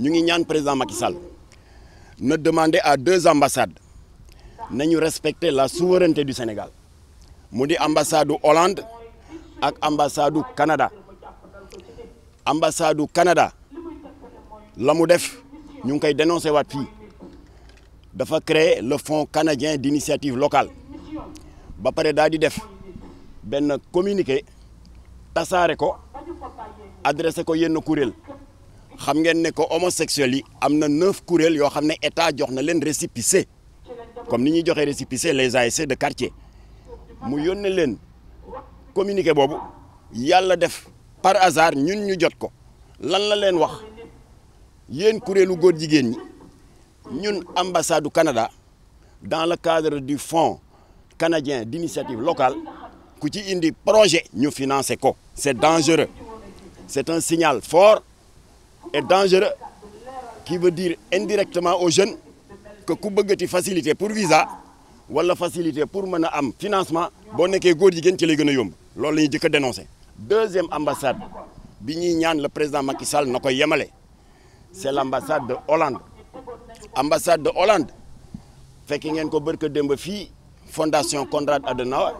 Nous, avons ñaan président Macky Sall nous à deux ambassades de respecter la souveraineté du Sénégal mu di ambassade du Hollande et ambassade du Canada ambassade du Canada la avons def ñu ngi votre dénoncé waat créer le fonds canadien d'initiative locale ba avons ben def benn communiqué ko xam ne ko homosexuels neuf kuréel yoo xam ne état comme les de quartier mu communiqué par hasard ñun ñu jot ko lan la wax ambassade du Canada dans le cadre du fonds canadien d'initiative locale ku ci indi projet financé c'est dangereux c'est un signal fort est dangereux qui veut dire indirectement aux jeunes que ku bëggati facilité pour visa wala facilité pour mën am financement boo que góor jigéen ci lay gën a loolu dénoncé deuxième ambassade bi le président Macky Sall na pas c'est l'ambassade de Hollande ambassade de Hollande fekki ngeen ko barka démb fondation Conrad Adenauer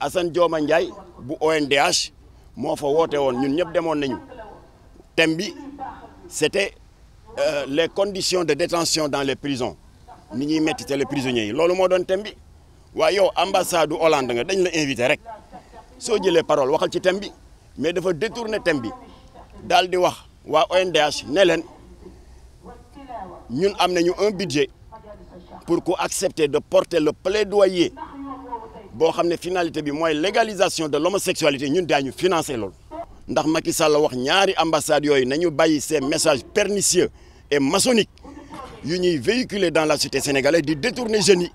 Hassan euh, Dioma Ndiaye bu ONDH moo fa woote woon ñun nañu Tembi, c'était euh, les conditions de détention dans les prisons ni ñuy les prisonniers C'est ce que doon thème Tembi. Mais yow ambassade Hollande nga dañ la invité rek les paroles, waxal ci Tembi. mais dafa détourner Tembi. Dal di wax wa ONDH ne ñun un budget pour qu'on accepter de porter le plaidoyer pour la finalité de légalisation de l'homosexualité nous devons financer l'homme ndax Macky Sall wax ñaari ambassade yoy nañu bayyi ces messages pernicieux et maçonniques yu ñuy véhiculer dans la cité sénégalaise di détourner jeunes yi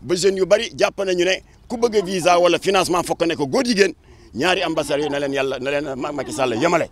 ba jeune yu bari japp nañu né ku bëgg visa wala financement fokk ne ko góor jigéen ñaari ambassade yoy na leen yalla na leen Macky Sall